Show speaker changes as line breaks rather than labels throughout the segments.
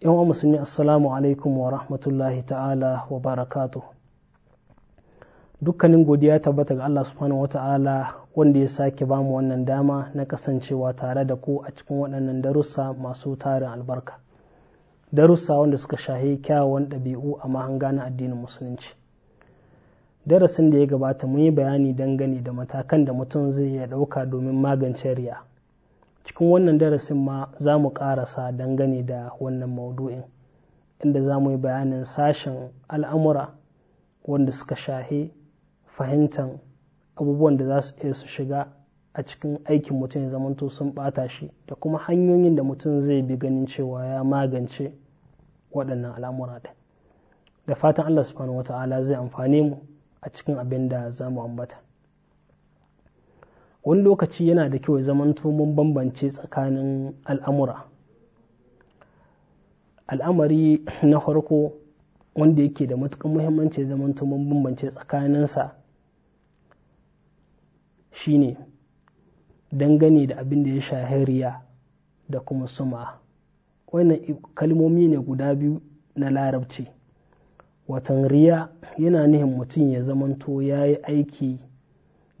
yan wa musulmi assalamu alaikum wa rahmatullahi ta'ala wa barakatu dukkanin godiya tabbata ga Allah subhanahu wata'ala wanda ya sake bamu wannan dama na kasancewa tare da ku a cikin waɗannan darussa masu tarin albarka darussa wanda suka shahi kyawawan ɗabi'u a mahanga na addinin musulunci darasin da ya gabata mun yi bayani dangane da matakan da mutum zai iya ɗauka domin magance riya cikin wannan darasin ma za mu ƙarasa dangane da wannan maudu'in inda za mu yi bayanin sashen al'amura wanda suka shahe fahimtar abubuwan da za su iya su shiga a cikin aikin mutum ya zamanto sun ɓata shi da kuma hanyoyin da mutum zai bi ganin cewa ya magance waɗannan al'amura ɗin da fatan allah subhanahu ta'ala zai amfane mu a cikin abin da za mu ambata wani lokaci yana da kyau zamanto mun bambance tsakanin al'amura al'amari na farko wanda yake da matuƙar muhimmanci zamanto mun bambance tsakaninsa shine dangane da abin da ya shahariya da kuma suma wannan kalmomi ne guda biyu na larabci watan riya yana nihin mutum ya zamanto ya yi aiki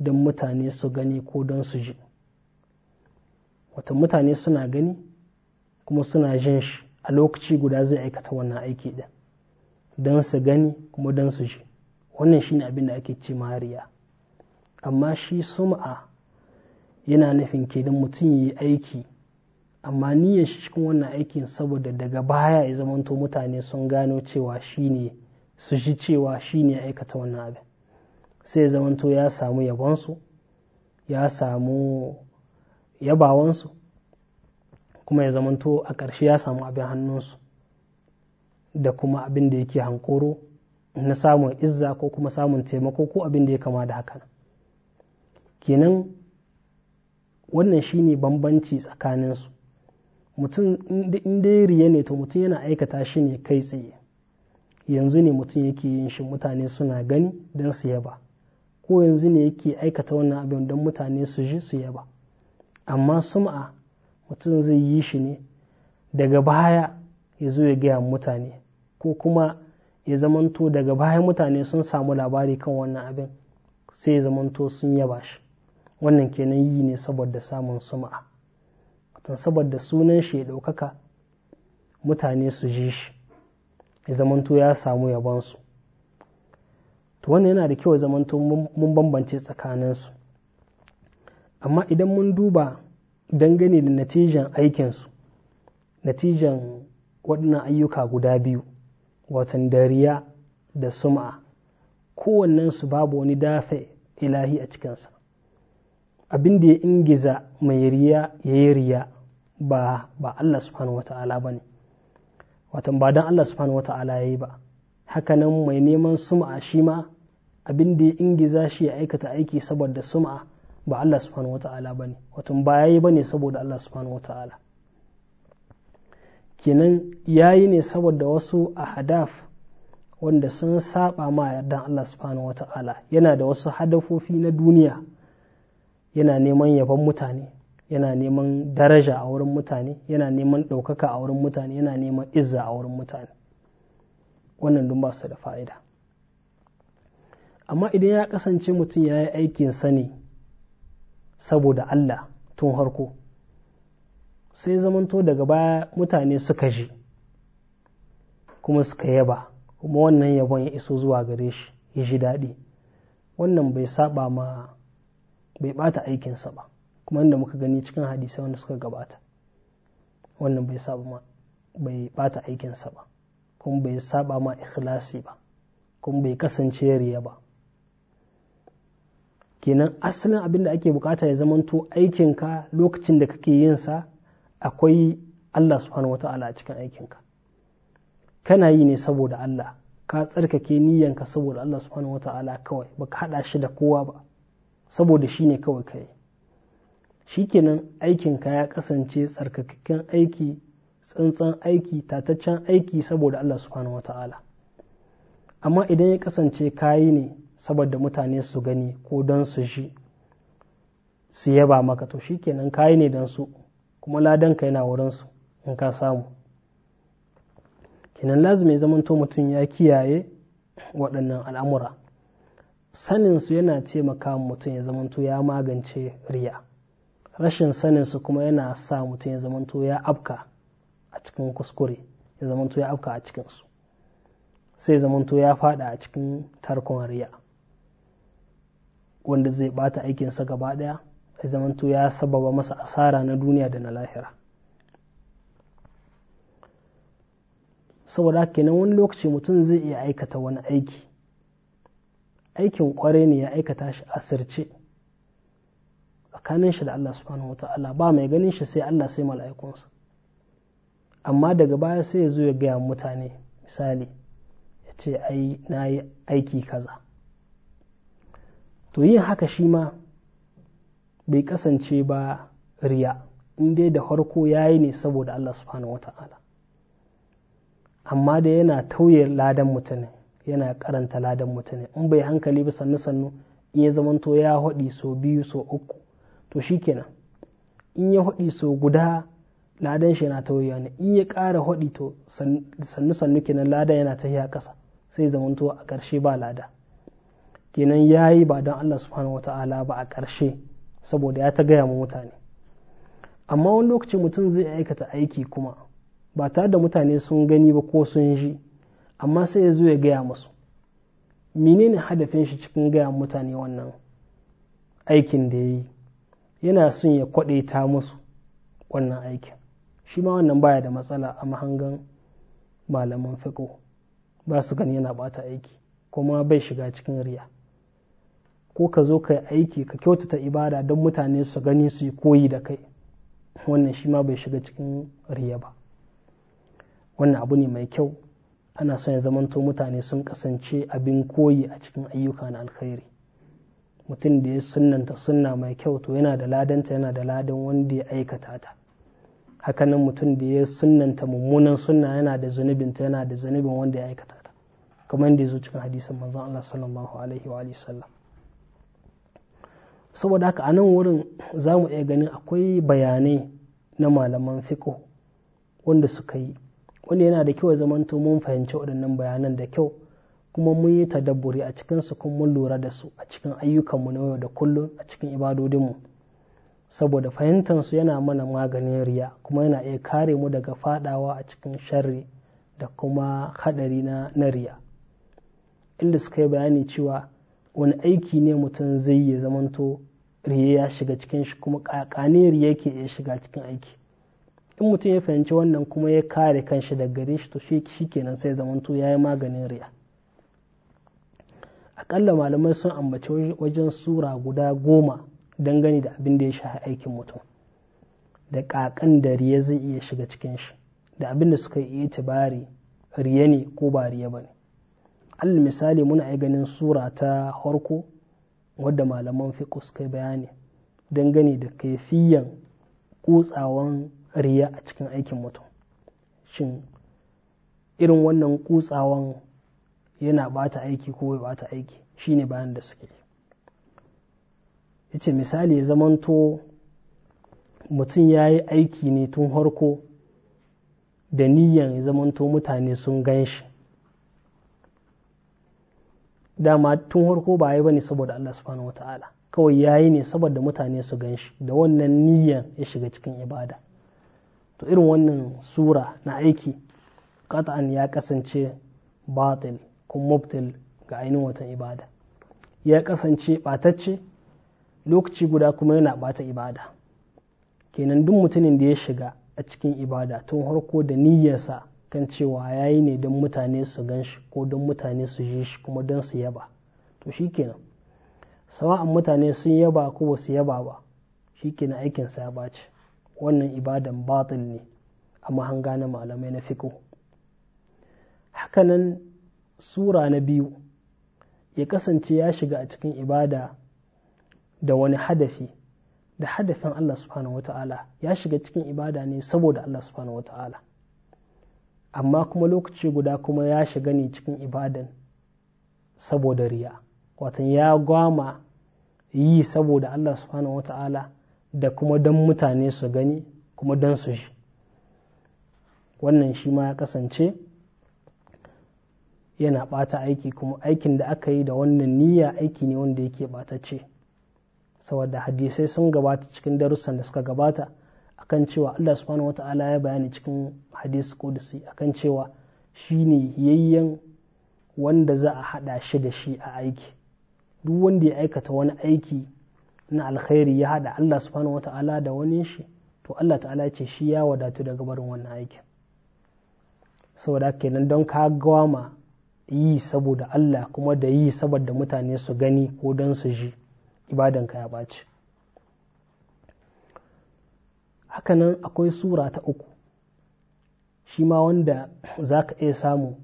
don mutane su gani ko don su ji wata mutane suna gani kuma suna jin shi a lokaci guda zai aikata wannan aiki ɗin don su gani kuma don su ji wannan shine abin da ake ce mariya amma shi sum'a yana nufin kenan mutum yi aiki amma niyyar shi cikin wannan aikin saboda daga baya ya zamanto mutane sun gano cewa shine su ji cewa shi shine aikata wannan abin sai zamanto ya samu yabonsu ya samu yabawansu kuma ya zamanto a ƙarshe ya samu abin hannunsu da kuma abin da yake hankoro na samun izza ko kuma samun taimako ko abin da ya kama da haka. kenan wannan shine bambanci tsakaninsu mutum inda ya riya ne to mutum yana aikata shi ne kai tsaye yanzu ne mutum yake yin shi mutane suna gani don su yaba ko yanzu ne yake aikata wannan abin don mutane su ji su yaba amma sum'a mutum zai yi shi ne daga baya ya zo ya gaya mutane ko kuma ya zamanto daga baya mutane sun samu labari kan wannan abin sai ya zamanto sun yaba shi wannan kenan yi ne saboda samun sum'a mutum saboda sunan shi ya ɗaukaka mutane su ji shi ya zamanto ya samu yabansu to wannan yana da kyau zamanto mun bambance tsakaninsu amma idan mun duba dangane da natijan aikinsu natijan waɗannan ayyuka guda biyu watan dariya da sum'a su babu wani dafe ilahi a cikinsa abin da ya ingiza mai riya ya yi riya ba ba Allah subhanahu wa ba ne watan ba don Allah subhanahu wataala ta'ala ya yi ba hakanan mai neman sum'a shi ma abin da ya ingiza shi ya aikata aiki saboda sum'a ba Allah subhanahu wata'ala ne wato ba ba ne saboda Allah subhanahu wata'ala kenan yi ne saboda wasu hadaf wanda sun saba ma yardan Allah subhanahu wata'ala yana da wasu hadafofi na duniya yana neman yaban mutane yana neman daraja a wurin mutane yana neman ɗaukaka a wurin mutane yana neman izza a wurin mutane wannan dun ba su da fa'ida amma idan ya kasance mutum ya yi aikin sani saboda Allah tun harko sai zamanto daga baya mutane suka ji kuma suka yaba kuma wannan yabon ya iso zuwa gare shi ya ji daɗi wannan bai saba ma bai bata aikinsa ba kuma inda muka gani cikin hadisai wanda suka gabata wannan bai saba ma bai bata aikinsa ba kuma bai saba ma ikhlasi ba kuma bai kasance riya ba kenan asalin abin da ake bukata ya zamanto aikinka lokacin da kake yin sa akwai Allah subhanahu wata'ala a cikin aikinka kana yi ne saboda Allah ka tsarkake niyyanka saboda Allah subhanahu wata'ala kawai baka hada shi da kowa ba saboda shi ne kawai kai shikenan aikinka ya kasance tsarkakakken aiki tsantsan aiki tataccen aiki saboda Allah subhanahu wata'ala amma idan ya kasance kayi ne saboda mutane su gani ko don su shi su yaba maka to shi shikenan kayi ne don su kuma ladanka yana wurin su in ka samu kenan lazumi zamanto mutum ya kiyaye waɗannan al'amura sanin su yana taimaka mutum ya zamanto ya magance riya rashin sanin su kuma yana sa mutum ya to ya afka a cikin kuskure ya to ya afka a cikinsu sai zamanto ya fada a cikin tarkon riya wanda zai bata aikinsa gaba daya ya zamanto ya sababa masa asara na duniya da na lahira saboda kenan wani lokaci mutum zai iya aikata wani aiki aikin kwarai ne ya aikata shi asirce tsakanin shi da Allah subhanahu wata'ala ba mai ganin shi sai Allah sai mala'ikunsa amma daga baya sai ya zo ya gaya mutane misali ya ce ai na yi aiki kaza to yin haka shi ma bai kasance ba riya in da harko ya yi ne saboda Allah subhanahu wa ta'ala amma da yana tauye ladan mutane yana karanta ladan mutane in bai hankali ba sannu sannu in ya zamanto ya haɗi so biyu so uku to shi kenan in ya haɗi so guda ladan shi yana tauye ne in ya kara haɗi to sannu sannu kenan ladan yana tahiya ƙasa sai zamanto a ƙarshe ba lada kenan ya yi ba don Allah subhanahu wa ta'ala ba a ƙarshe saboda ya ta gaya ma mutane amma wani lokaci mutum zai aikata aiki kuma ba tare da mutane sun gani ba ko sun ji amma sai ya zo ya gaya musu menene hadafin shi cikin gaya mutane wannan aikin da ya yi yana son ya kwaɗaita musu wannan aikin shi ma wannan baya da matsala a mahangan malaman fiƙo ba su gani yana bata aiki kuma bai shiga cikin riya ko ka zo ka yi aiki ka kyautata ibada don mutane su gani su yi koyi da kai wannan shi ma bai shiga cikin riya ba wannan abu ne mai kyau ana son ya zamanto mutane sun kasance abin koyi a cikin ayyuka na alkhairi mutum da ya sunanta sunna mai kyau to yana da ladanta yana da ladan wanda ya aikata ta hakanan mutum da ya sunanta mummunan sunna yana da zunubinta yana da zunubin wanda ya aikata ta kamar da ya zo cikin hadisin manzon Allah sallallahu alaihi wa sallam saboda haka a nan wurin za mu iya ganin akwai bayanai na malaman fiko. wanda suka yi wanda yana da kyau zamanto mun fahimci waɗannan bayanan da kyau kuma mun yi tadabburi a cikin su kuma mun lura da su a cikin ayyukanmu na yau da kullum a cikin ibadodinmu saboda fahimtar su yana mana maganin riya kuma yana iya kare mu daga fadawa a cikin sharri da kuma haɗari na riya inda suka yi bayani cewa wani aiki ne mutum zai yi zamanto riye ya shiga cikin shi kuma kakane riye yake iya shiga cikin aiki in mutum ya fahimci wannan kuma ya kare kanshi da gare shi to shi kenan sai zamantu ya yi maganin riya akalla malamai sun ambaci wajen sura guda goma dangane da abin da ya shafi aikin mutum da kakan da riya zai iya shiga cikin shi da abin da suka yi itibari riya ne ko ba riya ba ne misali muna ganin sura ta harko wadda malaman fiƙo suka yi bayani dangane da kaifiyan kutsawan riya a cikin aikin mutum shin irin wannan kutsawan yana bata aiki ko bai bata aiki shine bayan da suke yace misali ya zamanto mutum ya yi aiki ne tun harko da niyyan ya zamanto mutane sun ganshi. dama tun harko ba yi bane saboda Allah subhanahu wata'ala kawai yi ne saboda mutane su gan shi da wannan niyyar ya shiga cikin ibada to irin wannan sura na aiki qat'an ya kasance batil ko mubtil ga ainihin watan ibada ya kasance batacce lokaci guda kuma yana bata ibada kenan duk mutumin da ya shiga a cikin ibada tun harko da niyyarsa kan cewa ya yi ne don mutane su gan shi ko don mutane su ji shi kuma don su yaba to shi kenan sawa'an mutane sun yaba ko ba su yaba ba shi kenan aikinsa ya ɓaci wannan ibadan batil ne a mahanga na malamai na fiko hakanan sura na biyu ya kasance ya shiga a cikin ibada da wani hadafi da hadafin Allah subhanahu ta'ala ya shiga cikin ibada ne saboda Allah subhanahu ta'ala. amma kuma lokaci guda kuma ya shiga ne cikin ibadan saboda riya watan ya gwama yi saboda Allah subhanahu ta'ala da kuma don mutane su gani kuma don su shi wannan shi ma ya kasance yana ɓata aiki kuma aikin da aka yi da wannan niyya aiki ne wanda yake ɓatacce saboda hadisai sun gabata cikin darussan da suka gabata akan cewa Allah subhanahu wata'ala ya bayani cikin hadisi kudusi akan cewa shi ne yayyen wanda za a haɗa shi da shi a aiki duk wanda ya aikata wani aiki na alkhairi ya haɗa Allah subhanahu wata'ala da wani shi to Allah ta'ala ce shi ya wadatu daga barin wannan aiki saboda kenan don ka gama yi saboda Allah kuma da yi saboda mutane su gani ko don su ji ibadanka ya ɓaci hakanan akwai sura ta uku shi ma wanda za ka iya samu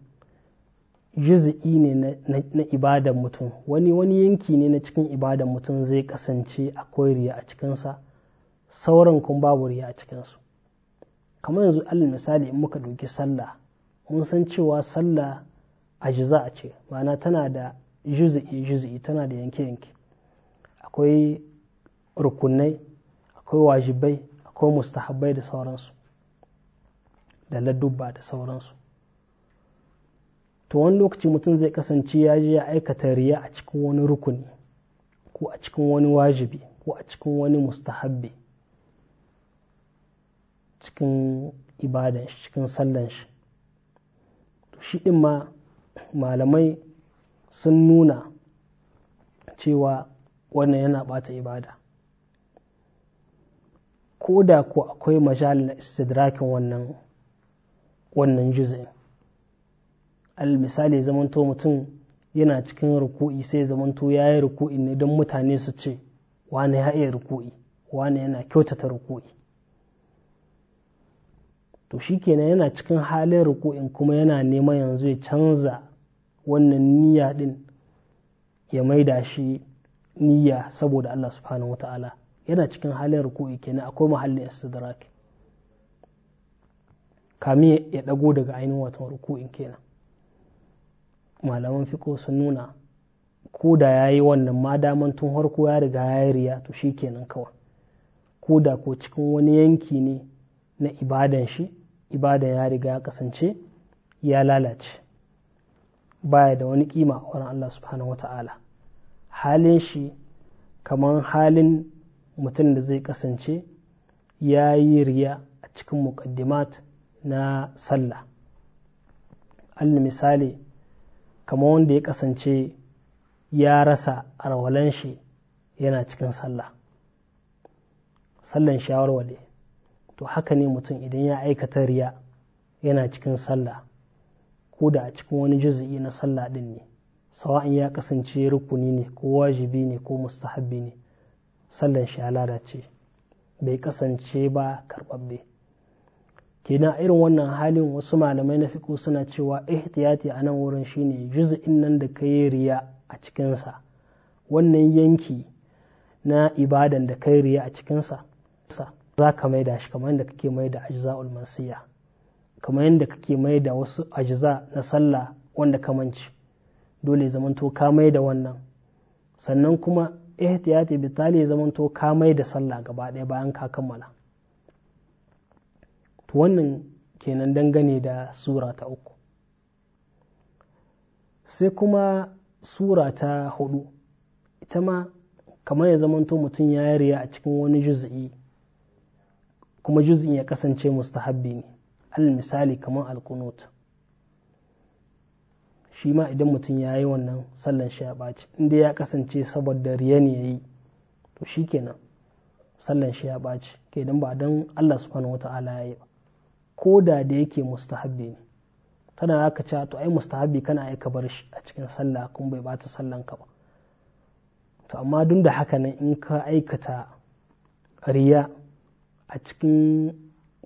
juzi'i ne na ibadan mutum wani wani yanki ne na cikin ibadan mutum zai kasance akwai riya a cikinsa sauran kun babu riya a cikinsu kamar yanzu alal misali in muka ɗauki sallah mun san cewa sallah a a ce mana tana da juzi'i juzi'i tana da yanke-yanke akwai rukunai akwai wajibai ko mustahabbai da sauransu da ladubba da sauransu to wani lokaci mutum zai kasance ya je ya aikata riya a cikin wani rukuni ko a cikin wani wajibi ko a cikin wani mustahabbi cikin ibadan shi cikin sallan shi to shi ɗin ma malamai sun nuna cewa wannan yana bata ibada ko da ko akwai majal na istidrakin wannan wannan juz'in al misali zamanto mutum yana cikin ruku'i sai zamanto ya yi ruku'i ne don mutane su ce wane ya iya ruku'i wane yana kyautata ruku'i to shi shikenan yana cikin halin ruku'in kuma yana neman yanzu ya canza wannan niyya din ya maida shi niyya saboda Allah subhanahu wa ta'ala yana cikin halin ruku'i kenan akwai mahallin istidrak kamin ya dago daga ainihin watan ruku'in kenan malaman fiko sun nuna ko da ya yi wannan ma daman tun harko ya riga ya yi riya to shi kenan kawai ko da ko cikin wani yanki ne na ibadan shi ibadan ya riga ya kasance ya lalace baya da wani kima a wurin Allah subhanahu wa ta'ala halin shi kamar halin mutum da zai kasance ya yi riya a cikin muƙaddimat na sallah al misali kamar wanda ya kasance ya rasa arwalan shi yana cikin sallah sallan shawarwale to haka ne mutum idan ya aikata riya yana cikin sallah ko da a cikin wani juzu'i na sallah din ne sawa'in ya kasance rukuni ne ko wajibi ne ko mustahabbi ne sallan shi ya lalace bai kasance ba karbabbe kenan irin wannan halin wasu malamai na fiƙo suna cewa ihtiyati a nan wurin shine juz'in nan da ka riya a cikinsa wannan yanki na ibadan da kai riya a cikinsa za ka maida shi kamar yadda kake maida ajza'ul mansiya kamar yadda kake da wasu ajza na sallah wanda ka manci dole zamanto ka da wannan sannan kuma ihtiyati bitali ya zamanto ka mai da sallah gaba ɗaya bayan ka kammala to wannan kenan dangane da sura ta uku sai kuma sura ta hudu ita ma kamar ya zamanto mutum ya yi a cikin wani juzu'i kuma juzi'in ya kasance mustahabbi ne al misali kamar alkunut shi ma idan mutum ya yi wannan sallan shi ya ɓaci inda ya kasance saboda riya ne ya yi to shi kenan sallan shi ya ɓaci ke idan ba don Allah subhanahu wa ta'ala ya yi ba ko da da yake mustahabbi ne tana haka cewa to ai mustahabbi kana ai ka bar shi a cikin sallah kuma bai bata sallan ka ba to amma duk da haka nan in ka aikata riya a cikin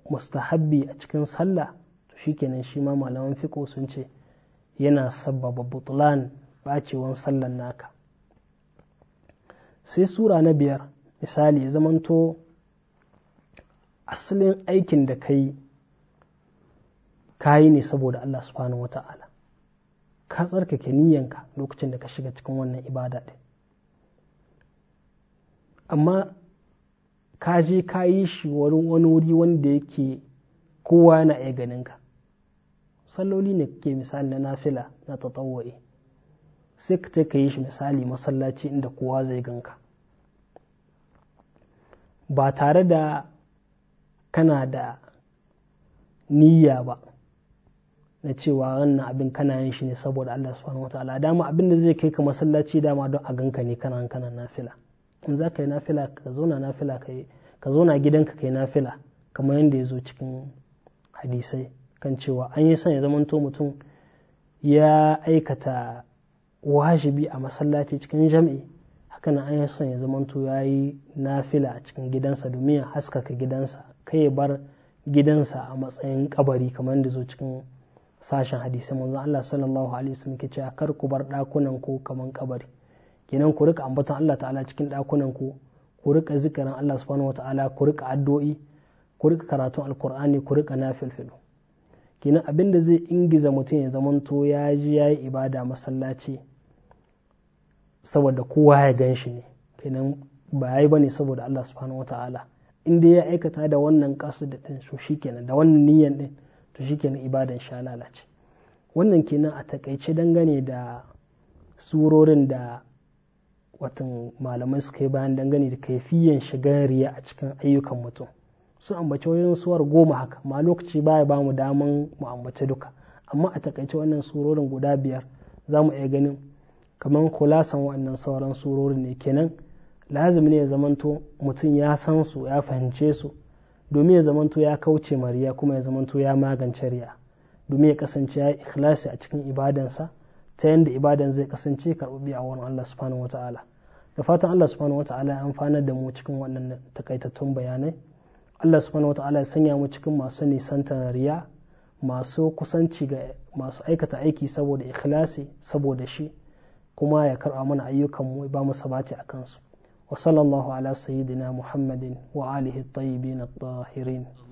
mustahabbi a cikin sallah to shikenan shi ma malaman Fiƙo sun ce yana sababa butlan bacewan sallan naka sai sura na biyar misali ya zamanto asalin aikin da kai kayi ne saboda Allah subhanahu wata'ala ka tsarkake niyyanka lokacin da ka shiga cikin wannan ibada ɗin amma ka je ka yi shi wani wuri wanda yake kowa yana iya ganinka salloli ne ke misali na nafila na tatawwa'i sai ka ka yi shi misali masallaci inda kowa zai ganka ba tare da kana da niyya ba na cewa wannan abin kana yin shi ne saboda Allah subhanahu wataala dama abin da zai kai ka masallaci dama don a ganka ne kana kana nafila in za ka yi nafila ka zauna nafila ka zauna gidanka ka yi nafila kamar yadda ya zo cikin hadisai kan cewa an yi son ya zamanto mutum ya aikata wajibi a masallaci cikin jam'i hakan an yi son ya zamanto ya yi nafila a cikin gidansa domin ya haskaka gidansa kai ya bar gidansa a matsayin kabari kamar da zo cikin sashen hadisai manzon Allah sallallahu alaihi wasallam ke cewa kar ku bar dakunan ku kamar kabari kenan ku rika ambaton Allah ta'ala cikin dakunan ku ku rika zikirin Allah subhanahu ta'ala ku rika addu'o'i ku rika karatun alkur'ani ku rika na nafilfilu kinan abin da zai ingiza mutum ya zamanto ya ji ya yi ibada masallaci saboda kowa ya gan shi ne kenan ba ya yi ba ne saboda Allah subhanahu wa ta'ala in dai ya aikata da wannan kasu da ɗin so shi kenan da wannan niyan ɗin to shi kenan ibadan sha lalace wannan kinan a takaice dangane da surorin da watan malamai suka yi bayan dangane da kaifiyan shigar riya a cikin ayyukan mutum su ambaci wajen suwar goma haka ma lokaci baya ba mu daman mu ambace duka amma a takaice wannan surorin guda biyar za mu iya ganin kamar kulasan wannan sauran surorin ne kenan lazimi ne ya zamanto mutum ya san su ya fahimce su domin ya zamanto ya kauce mariya kuma ya zamanto ya magance riya domin ya kasance ya ikhlasi a cikin ibadansa ta yadda ibadan zai kasance karɓi a wurin Allah subhanahu ta'ala da fatan Allah subhanahu ta'ala ya amfanar da mu cikin wannan takaitattun bayanai Allah subhanahu wata'ala ya sanya mu cikin masu nisantar riya masu kusanci ga masu aikata aiki saboda ikhlasi saboda shi kuma ya karɓa mana ayyukanmu ya ba mu sabati a kansu wa sallallahu ala sayyidina muhammadin wa alihi tayyibin at-tahirin